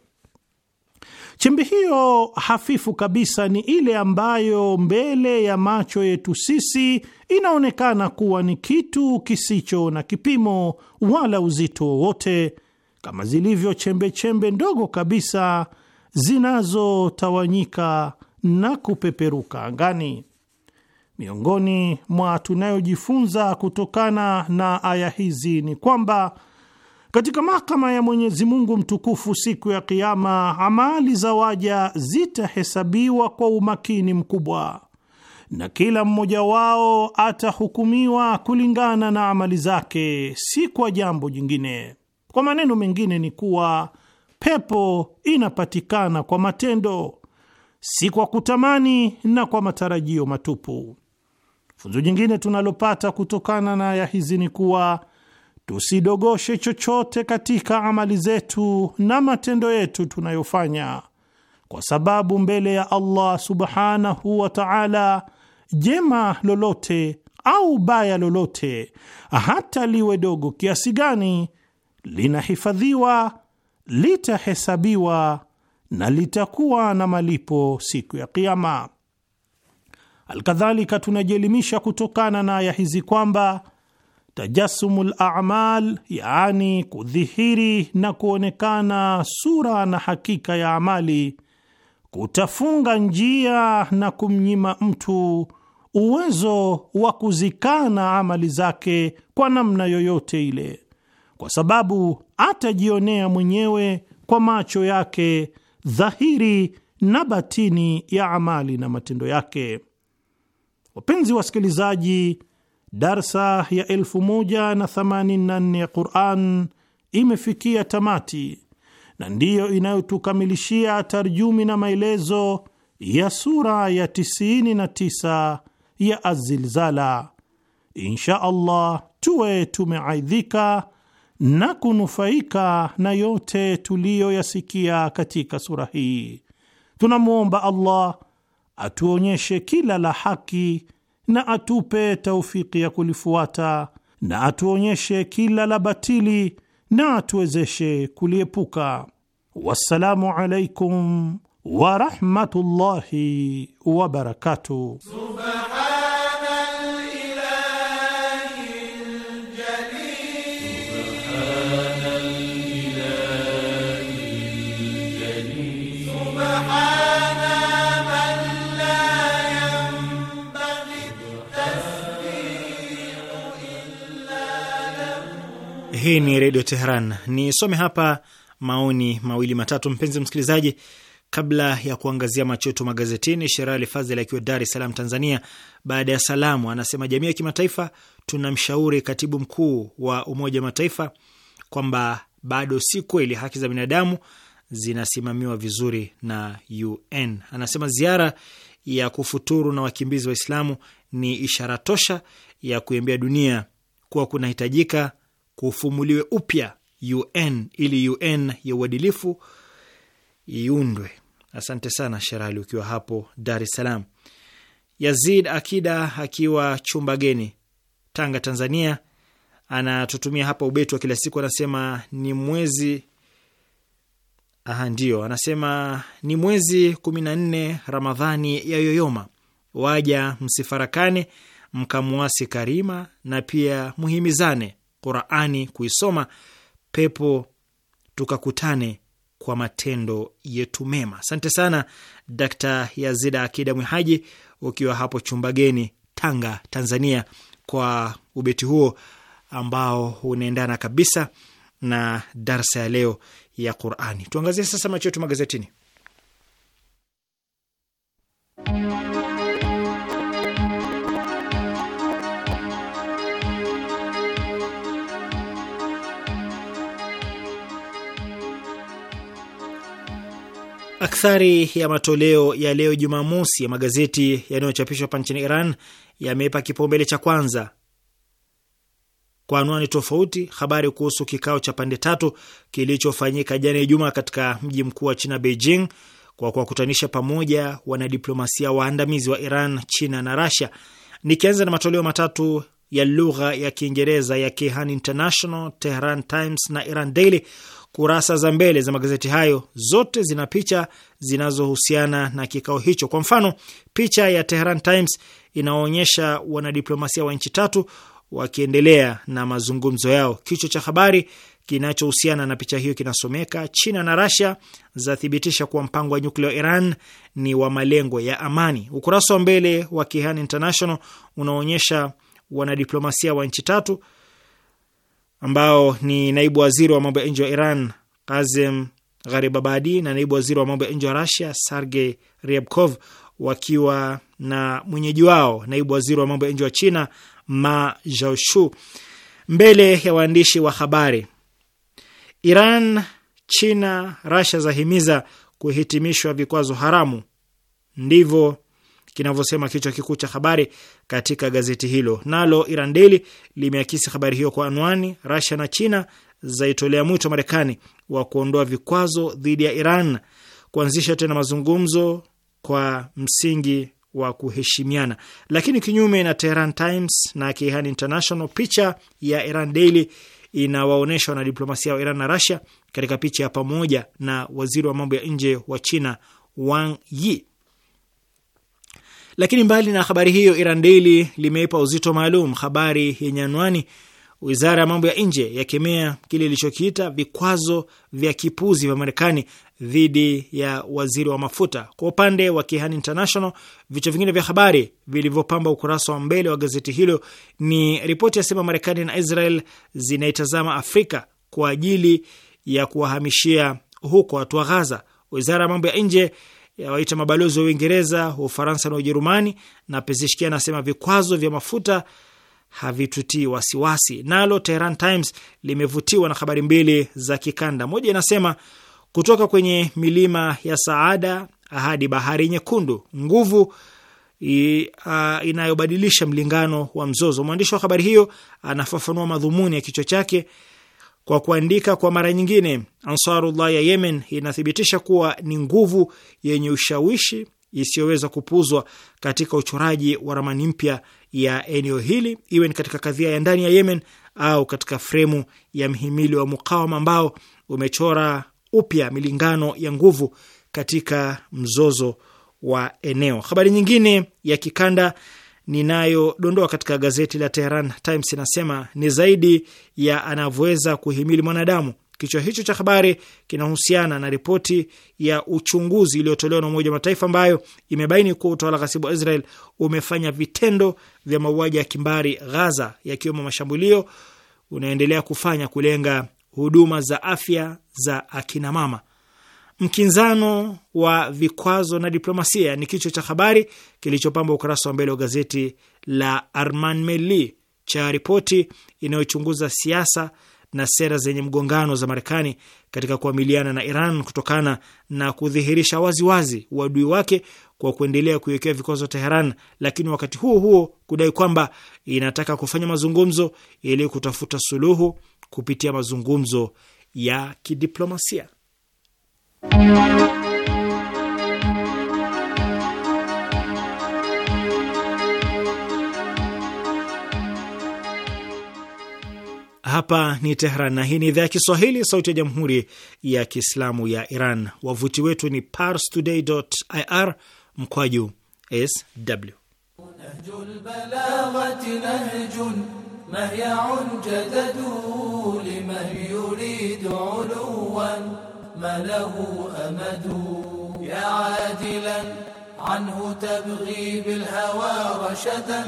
Chembe hiyo hafifu kabisa ni ile ambayo mbele ya macho yetu sisi inaonekana kuwa ni kitu kisicho na kipimo wala uzito wowote, kama zilivyo chembe chembe ndogo kabisa zinazotawanyika na kupeperuka angani. Miongoni mwa tunayojifunza kutokana na aya hizi ni kwamba katika mahakama ya Mwenyezi Mungu mtukufu siku ya Kiama, amali za waja zitahesabiwa kwa umakini mkubwa, na kila mmoja wao atahukumiwa kulingana na amali zake, si kwa jambo jingine. Kwa maneno mengine ni kuwa Pepo inapatikana kwa matendo, si kwa kutamani na kwa matarajio matupu. Funzo jingine tunalopata kutokana na aya hizi ni kuwa tusidogoshe chochote katika amali zetu na matendo yetu tunayofanya, kwa sababu mbele ya Allah subhanahu wa ta'ala, jema lolote au baya lolote, hata liwe dogo kiasi gani, linahifadhiwa litahesabiwa na litakuwa na malipo siku ya Kiama. Alkadhalika, tunajielimisha kutokana na aya hizi kwamba tajasumul amal, yaani kudhihiri na kuonekana sura na hakika ya amali, kutafunga njia na kumnyima mtu uwezo wa kuzikana amali zake kwa namna yoyote ile, kwa sababu atajionea mwenyewe kwa macho yake dhahiri na batini ya amali na matendo yake. Wapenzi wasikilizaji, darsa ya 1084 ya Quran imefikia tamati na ndiyo inayotukamilishia tarjumi na maelezo ya sura ya 99 ya Azilzala. Insha Allah tuwe tumeaidhika na kunufaika na yote tuliyoyasikia katika sura hii. Tunamwomba Allah atuonyeshe kila la haki na atupe taufiki ya kulifuata na atuonyeshe kila la batili na atuwezeshe kuliepuka. Wassalamu alaikum warahmatullahi wabarakatuh. Hii ni Redio Teheran. Nisome hapa maoni mawili matatu, mpenzi msikilizaji, kabla ya kuangazia machoto magazetini. Sherali Fazel akiwa Dar es Salaam, Tanzania, baada ya salamu, anasema jamii ya kimataifa, tunamshauri katibu mkuu wa Umoja wa Mataifa kwamba bado si kweli haki za binadamu zinasimamiwa vizuri na UN. Anasema ziara ya kufuturu na wakimbizi Waislamu ni ishara tosha ya kuiambia dunia kuwa kunahitajika kufumuliwe upya UN ili UN ya uadilifu iundwe. Asante sana Sherali, ukiwa hapo Dar es Salaam. Yazid Akida akiwa chumba geni Tanga, Tanzania, anatutumia hapa ubeti wa kila siku, anasema ni mwezi aha, ndio anasema ni mwezi kumi na nne Ramadhani ya yoyoma, waja msifarakane, mkamuasi Karima na pia muhimizane Qurani kuisoma, pepo tukakutane kwa matendo yetu mema. Asante sana Dakta Yazida Akida Mwihaji, ukiwa hapo Chumbageni, Tanga, Tanzania, kwa ubeti huo ambao unaendana kabisa na darsa ya leo ya Qurani. Tuangazie sasa macho yetu magazetini. Akthari ya matoleo ya leo Jumamosi ya magazeti yanayochapishwa hapa nchini Iran yameipa kipaumbele cha kwanza kwa anwani tofauti habari kuhusu kikao cha pande tatu kilichofanyika jana Ijumaa katika mji mkuu wa China, Beijing, kwa kuwakutanisha pamoja wanadiplomasia waandamizi wa Iran, China na Rasia. Nikianza na matoleo matatu ya lugha ya Kiingereza ya Kehan International, Tehran Times na Iran Daily Kurasa za mbele za magazeti hayo zote zina picha zinazohusiana na kikao hicho. Kwa mfano, picha ya Tehran Times inaonyesha wanadiplomasia wa nchi tatu wakiendelea na mazungumzo yao. Kichwa cha habari kinachohusiana na picha hiyo kinasomeka China na Rasia zathibitisha kuwa mpango wa nyuklia wa Iran ni wa malengo ya amani. Ukurasa wa mbele wa Kihan International unaonyesha wanadiplomasia wa nchi tatu ambao ni naibu waziri wa mambo ya nje wa Iran Kazem Gharibabadi na naibu waziri wa mambo ya nje wa Rasia Sergey Ryabkov wakiwa na mwenyeji wao naibu waziri wa mambo ya nje wa China Ma Zhaoshu mbele ya waandishi wa habari. Iran, China, Rasia zahimiza kuhitimishwa vikwazo haramu, ndivyo kinavyosema kichwa kikuu cha habari katika gazeti hilo. Nalo Iran Daily limeakisi habari hiyo kwa anwani, Russia na China zaitolea mwito Marekani wa kuondoa vikwazo dhidi ya Iran, kuanzisha tena mazungumzo kwa msingi wa kuheshimiana. Lakini kinyume na Tehran Times na Kehan International, picha ya Iran Daily inawaonyesha wanadiplomasia wa Iran na Russia katika picha ya pamoja na waziri wa mambo ya nje wa China Wang Yi. Lakini mbali na habari hiyo, Iran Daily limeipa uzito maalum habari yenye anwani wizara ya mambo ya nje yakemea kile ilichokiita vikwazo vya kipuzi vya Marekani dhidi ya waziri wa mafuta. Kwa upande wa Kihani International, vichwa vingine vya habari vilivyopamba ukurasa wa mbele wa gazeti hilo ni ripoti yasema Marekani na Israel zinaitazama Afrika kwa ajili ya kuwahamishia huko watu wa Ghaza. Wizara ya mambo ya nje yawaita mabalozi wa Uingereza, Ufaransa na Ujerumani, na Pezeshkian anasema vikwazo vya mafuta havitutii wasiwasi. Nalo Tehran Times limevutiwa na habari mbili za kikanda. Moja inasema kutoka kwenye milima ya Saada hadi bahari Nyekundu, nguvu I, uh, inayobadilisha mlingano wa mzozo. Mwandishi wa habari hiyo anafafanua madhumuni ya kichwa chake kwa kuandika kwa mara nyingine, Ansarullah ya Yemen inathibitisha kuwa ni nguvu yenye ushawishi isiyoweza kupuzwa katika uchoraji wa ramani mpya ya eneo hili, iwe ni katika kadhia ya ndani ya Yemen au katika fremu ya mhimili wa mukawama ambao umechora upya milingano ya nguvu katika mzozo wa eneo. Habari nyingine ya kikanda ninayodondoa katika gazeti la Tehran Times inasema ni zaidi ya anavyoweza kuhimili mwanadamu. Kichwa hicho cha habari kinahusiana na ripoti ya uchunguzi iliyotolewa na Umoja wa Mataifa ambayo imebaini kuwa utawala ghasibu wa Israel umefanya vitendo vya mauaji ya kimbari Ghaza, yakiwemo mashambulio unaendelea kufanya kulenga huduma za afya za akinamama. Mkinzano wa vikwazo na diplomasia ni kichwa cha habari kilichopamba ukurasa wa mbele wa gazeti la Arman Meli cha ripoti inayochunguza siasa na sera zenye mgongano za Marekani katika kuamiliana na Iran kutokana na kudhihirisha waziwazi uadui wake kwa kuendelea kuiwekea vikwazo Teheran, lakini wakati huo huo kudai kwamba inataka kufanya mazungumzo ili kutafuta suluhu kupitia mazungumzo ya kidiplomasia. Hapa ni Tehran na hii ni idhaa ya Kiswahili, sauti ya jamhuri ya kiislamu ya Iran. Wavuti wetu ni parstoday.ir mkwaju sw Nahjul ما له أمد يا عادلا عنه تبغي بالهوى رشدا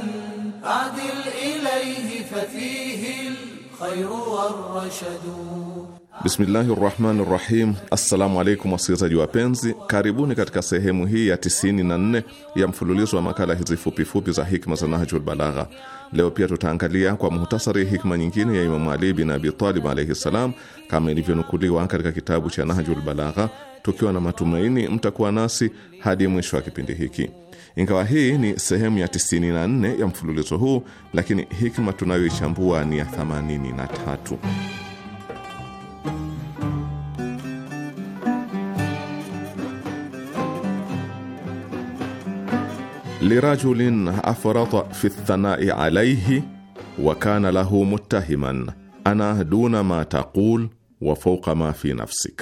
أعدل إليه ففيه الخير والرشد Bismillahi rahmani rahim. Assalamu alaikum wasikilizaji wapenzi, karibuni katika sehemu hii ya 94 ya mfululizo wa makala hizi fupifupi za hikma za Nahjul Balagha. Leo pia tutaangalia kwa muhtasari hikma nyingine ya Imamu Ali bin Abi Talib alaihi ssalam, kama ilivyonukuliwa katika kitabu cha Nahjul Balagha, tukiwa na matumaini mtakuwa nasi hadi mwisho wa kipindi hiki. Ingawa hii ni sehemu ya 94 ya mfululizo huu, lakini hikma tunayoichambua ni ya 83 lirajulin afrata fi lthanai alaihi wa kana lahu muttahiman ana duna ma taqul wa fauqa ma fi nafsik,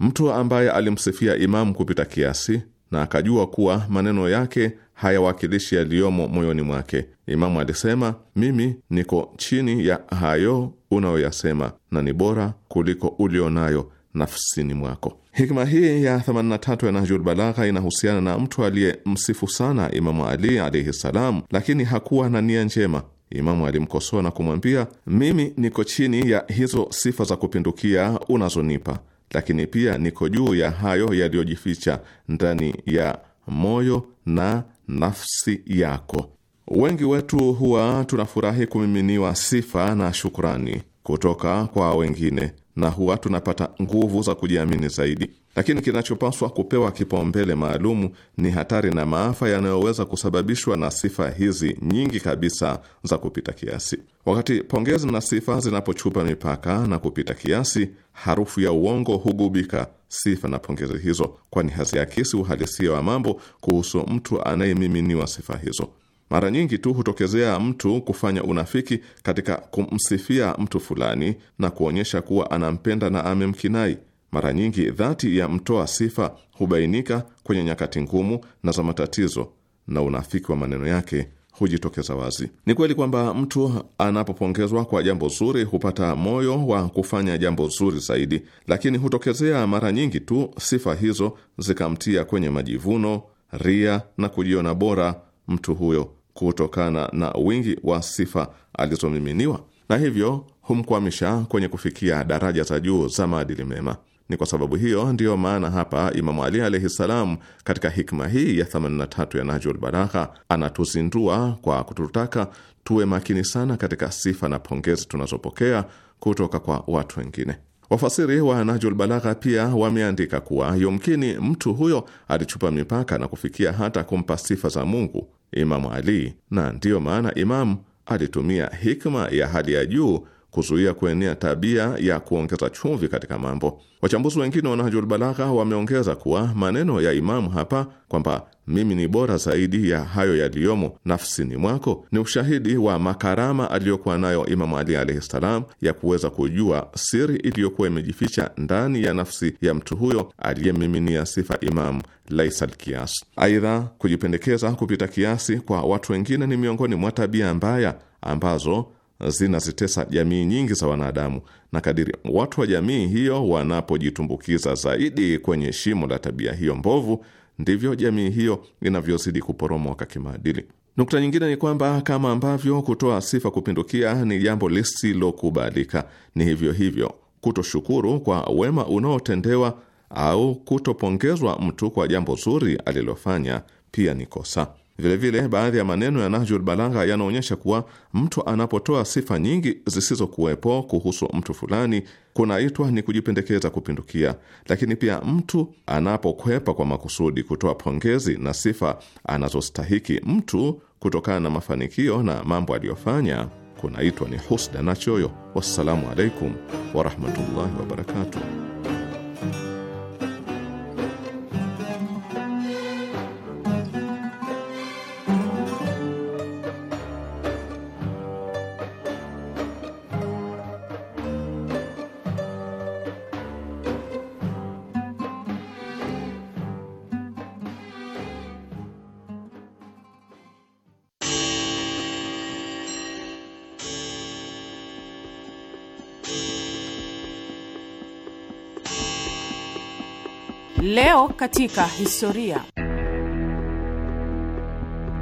mtu ambaye alimsifia Imamu kupita kiasi na akajua kuwa maneno yake hayawakilishi yaliyomo moyoni mwake. Imamu alisema mimi niko chini ya hayo unayoyasema na ni bora kuliko ulionayo nafsini mwako. Hikma hii ya 83 ya Nahjul Balagha inahusiana na mtu aliyemsifu sana Imamu Ali alaihi ssalam, lakini hakuwa na nia njema. Imamu alimkosoa na kumwambia, mimi niko chini ya hizo sifa za kupindukia unazonipa, lakini pia niko juu ya hayo yaliyojificha ndani ya moyo na nafsi yako. Wengi wetu huwa tunafurahi kumiminiwa sifa na shukrani kutoka kwa wengine na huwa tunapata nguvu za kujiamini zaidi, lakini kinachopaswa kupewa kipaumbele maalumu ni hatari na maafa yanayoweza kusababishwa na sifa hizi nyingi kabisa za kupita kiasi. Wakati pongezi na sifa zinapochupa mipaka na kupita kiasi, harufu ya uongo hugubika sifa na pongezi hizo, kwani haziakisi uhalisia wa mambo kuhusu mtu anayemiminiwa sifa hizo. Mara nyingi tu hutokezea mtu kufanya unafiki katika kumsifia mtu fulani na kuonyesha kuwa anampenda na amemkinai. Mara nyingi dhati ya mtoa sifa hubainika kwenye nyakati ngumu na za matatizo, na unafiki wa maneno yake hujitokeza wazi. Ni kweli kwamba mtu anapopongezwa kwa jambo zuri hupata moyo wa kufanya jambo zuri zaidi, lakini hutokezea mara nyingi tu sifa hizo zikamtia kwenye majivuno, ria na kujiona bora mtu huyo kutokana na wingi wa sifa alizomiminiwa, na hivyo humkwamisha kwenye kufikia daraja za juu za maadili mema. Ni kwa sababu hiyo ndiyo maana hapa Imamu Ali alaihi ssalam, katika hikma hii ya 83 ya najul Balagha anatuzindua kwa kututaka tuwe makini sana katika sifa na pongezi tunazopokea kutoka kwa watu wengine. Wafasiri wa najul Balagha pia wameandika kuwa yumkini mtu huyo alichupa mipaka na kufikia hata kumpa sifa za Mungu Imamu Ali, na ndiyo maana Imamu alitumia hikma ya hali ya juu kuzuia kuenea tabia ya kuongeza chumvi katika mambo. Wachambuzi wengine wa Nahjul Balagha wameongeza kuwa maneno ya Imamu hapa kwamba mimi ni bora zaidi ya hayo yaliyomo nafsini mwako ni ushahidi wa makarama aliyokuwa nayo Imamu Ali alaihi ssalam, ya kuweza kujua siri iliyokuwa imejificha ndani ya nafsi ya mtu huyo aliyemiminia sifa Imamu laisal kias. Aidha, kujipendekeza kupita kiasi kwa watu wengine ni miongoni mwa tabia mbaya ambazo zinazitesa jamii nyingi za wanadamu, na kadiri watu wa jamii hiyo wanapojitumbukiza zaidi kwenye shimo la tabia hiyo mbovu, ndivyo jamii hiyo inavyozidi kuporomoka kimaadili. Nukta nyingine ni kwamba kama ambavyo kutoa sifa kupindukia ni jambo lisilokubalika, ni hivyo hivyo kutoshukuru kwa wema unaotendewa au kutopongezwa mtu kwa jambo zuri alilofanya pia ni kosa. Vilevile vile, baadhi ya maneno ya Nahjul Balagha yanaonyesha kuwa mtu anapotoa sifa nyingi zisizokuwepo kuhusu mtu fulani kunaitwa ni kujipendekeza kupindukia, lakini pia mtu anapokwepa kwa makusudi kutoa pongezi na sifa anazostahiki mtu kutokana na mafanikio na mambo aliyofanya kunaitwa ni husda na choyo. Wassalamu alaikum warahmatullahi wabarakatuh. Leo katika historia.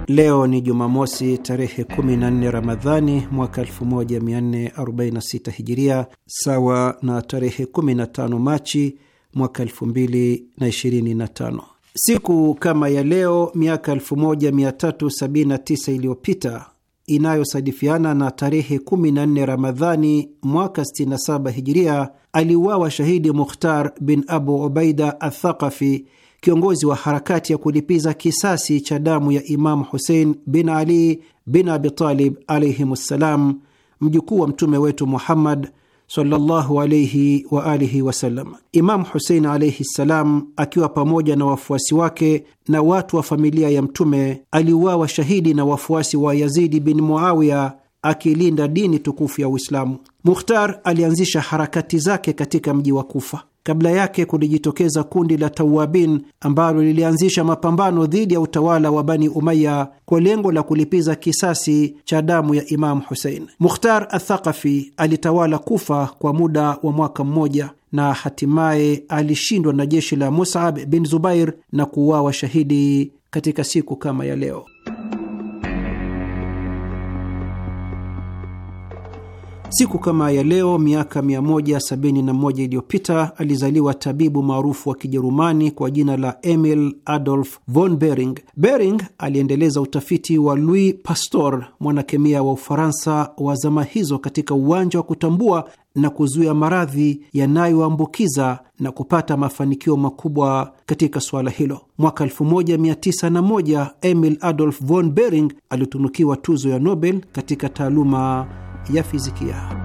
Leo ni Jumamosi tarehe 14 Ramadhani mwaka 1446 Hijiria, sawa na tarehe 15 Machi mwaka 2025. Siku kama ya leo miaka 1379 iliyopita inayosadifiana na tarehe 14 Ramadhani mwaka 67 Hijiria, aliuawa shahidi Mukhtar bin Abu Ubaida Athaqafi, kiongozi wa harakati ya kulipiza kisasi cha damu ya Imamu Husein bin Ali bin Abitalib alaihim ssalam, mjukuu wa mtume wetu Muhammad sallallahu alayhi wa alihi wasallam. Imamu Husein alaihi ssalam akiwa pamoja na wafuasi wake na watu wa familia ya Mtume aliuawa shahidi na wafuasi wa Yazidi bin Muawiya akilinda dini tukufu ya Uislamu. Mukhtar alianzisha harakati zake katika mji wa Kufa. Kabla yake kulijitokeza kundi la Tawabin ambalo lilianzisha mapambano dhidi ya utawala wa Bani Umaya kwa lengo la kulipiza kisasi cha damu ya Imamu Husein. Mukhtar Athaqafi alitawala Kufa kwa muda wa mwaka mmoja na hatimaye alishindwa na jeshi la Musab bin Zubair na kuuawa shahidi katika siku kama ya leo. Siku kama ya leo miaka 171 iliyopita alizaliwa tabibu maarufu wa Kijerumani kwa jina la Emil Adolf von Bering. Bering aliendeleza utafiti wa Louis Pasteur, mwanakemia wa Ufaransa wa zama hizo, katika uwanja wa kutambua na kuzuia maradhi yanayoambukiza na kupata mafanikio makubwa katika suala hilo. Mwaka 1901 Emil Adolf von Bering alitunukiwa tuzo ya Nobel katika taaluma ya fizikia.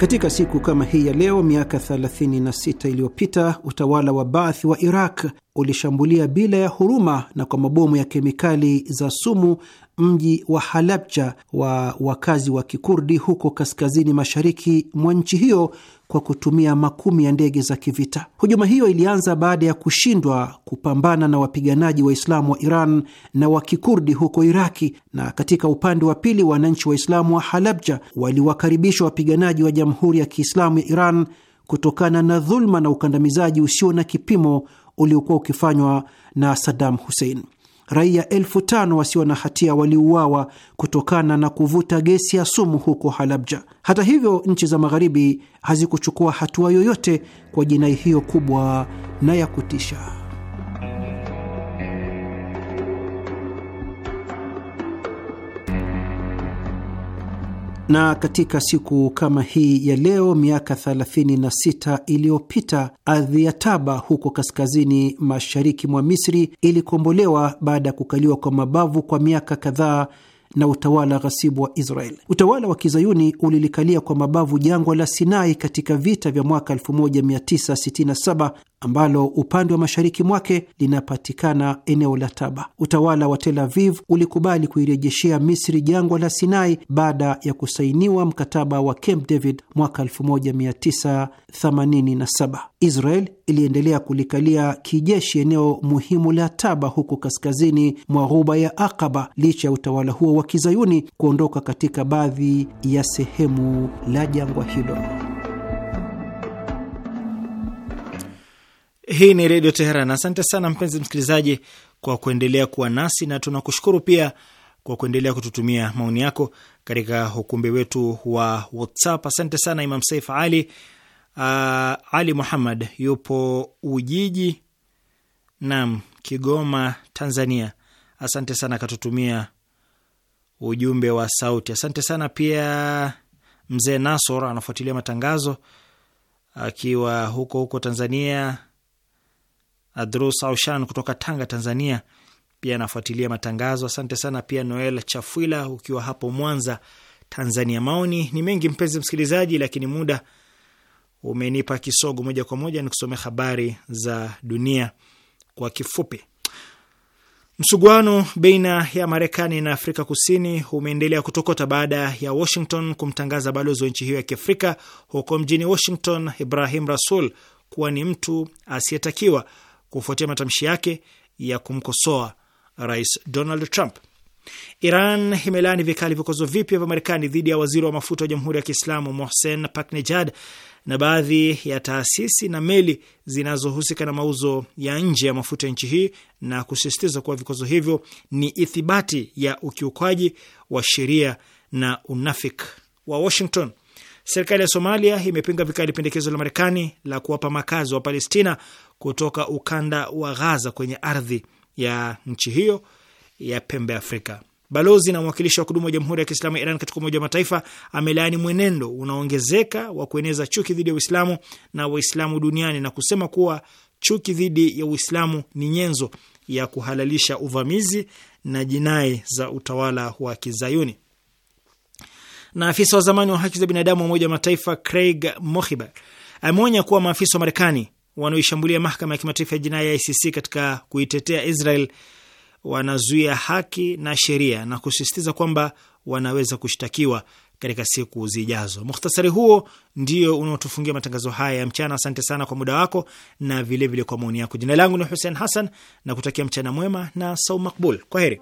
Katika siku kama hii ya leo miaka 36 iliyopita utawala wa Baath wa Iraq ulishambulia bila ya huruma na kwa mabomu ya kemikali za sumu mji wa Halabja wa wakazi wa Kikurdi huko kaskazini mashariki mwa nchi hiyo kwa kutumia makumi ya ndege za kivita. Hujuma hiyo ilianza baada ya kushindwa kupambana na wapiganaji Waislamu wa Iran na wa Kikurdi huko Iraki, na katika upande wa pili wananchi Waislamu wa Halabja waliwakaribisha wapiganaji wa Jamhuri ya Kiislamu ya Iran kutokana na dhuluma na ukandamizaji usio na kipimo uliokuwa ukifanywa na Saddam Hussein raia elfu tano wasio na hatia waliuawa kutokana na kuvuta gesi ya sumu huko Halabja. Hata hivyo, nchi za magharibi hazikuchukua hatua yoyote kwa jinai hiyo kubwa na ya kutisha. Na katika siku kama hii ya leo miaka 36 iliyopita ardhi ya Taba huko kaskazini mashariki mwa Misri ilikombolewa baada ya kukaliwa kwa mabavu kwa miaka kadhaa na utawala ghasibu wa Israel. Utawala wa kizayuni ulilikalia kwa mabavu jangwa la Sinai katika vita vya mwaka 1967 ambalo upande wa mashariki mwake linapatikana eneo la Taba. Utawala wa Tel Aviv ulikubali kuirejeshea Misri jangwa la Sinai baada ya kusainiwa mkataba wa Camp David mwaka 1987. Israel iliendelea kulikalia kijeshi eneo muhimu la Taba huko kaskazini mwa ghuba ya Akaba licha ya utawala huo wa kizayuni kuondoka katika baadhi ya sehemu la jangwa hilo. Hii ni Redio Teheran. Asante sana mpenzi msikilizaji kwa kuendelea kuwa nasi na tunakushukuru pia kwa kuendelea kututumia maoni yako katika ukumbi wetu wa WhatsApp. Asante sana Imam Saif Ali uh, Ali Muhammad yupo Ujiji, nam Kigoma, Tanzania. Asante sana akatutumia ujumbe wa sauti. Asante sana pia mzee Nasor anafuatilia matangazo akiwa huko huko Tanzania. Adrus Aushan kutoka Tanga, Tanzania, pia anafuatilia matangazo. Asante sana pia Noel Chafwila ukiwa hapo Mwanza, Tanzania. Maoni ni mengi mpenzi msikilizaji, lakini muda umenipa kisogo. Moja kwa moja ni kusomea habari za dunia kwa kifupi. Msuguano baina ya Marekani na Afrika Kusini umeendelea kutokota baada ya Washington kumtangaza balozi wa nchi hiyo ya kiafrika huko mjini Washington, Ibrahim Rasul, kuwa ni mtu asiyetakiwa kufuatia matamshi yake ya kumkosoa Rais Donald Trump. Iran imelaani vikali vikozo vipya vya Marekani dhidi ya waziri wa mafuta wa Jamhuri ya Kiislamu Mohsen Paknejad na baadhi ya taasisi na meli zinazohusika na mauzo ya nje ya mafuta ya nchi hii na kusisitiza kuwa vikwazo hivyo ni ithibati ya ukiukwaji wa sheria na unafik wa Washington. Serikali ya Somalia imepinga vikali pendekezo la Marekani la kuwapa makazi wa Palestina kutoka ukanda wa Ghaza kwenye ardhi ya nchi hiyo ya pembe Afrika. Balozi na mwakilishi wa kudumu wa Jamhuri ya Kiislamu ya Iran katika Umoja wa Mataifa amelaani mwenendo unaoongezeka wa kueneza chuki dhidi ya Uislamu na Waislamu duniani na kusema kuwa chuki dhidi ya Uislamu ni nyenzo ya kuhalalisha uvamizi na jinai za utawala wa Kizayuni. Na afisa wa zamani wa haki za binadamu wa Umoja wa Mataifa Craig Mohiba ameonya kuwa maafisa wa Marekani wanaoishambulia mahakama ya kimataifa ya jinai ya ICC katika kuitetea Israel wanazuia haki na sheria na kusisitiza kwamba wanaweza kushtakiwa katika siku zijazo. Mukhtasari huo ndio unaotufungia matangazo haya ya mchana. Asante sana kwa muda wako na vilevile vile kwa maoni yako. Jina langu ni Hussein Hassan na kutakia mchana mwema na sau makbul. Kwa heri.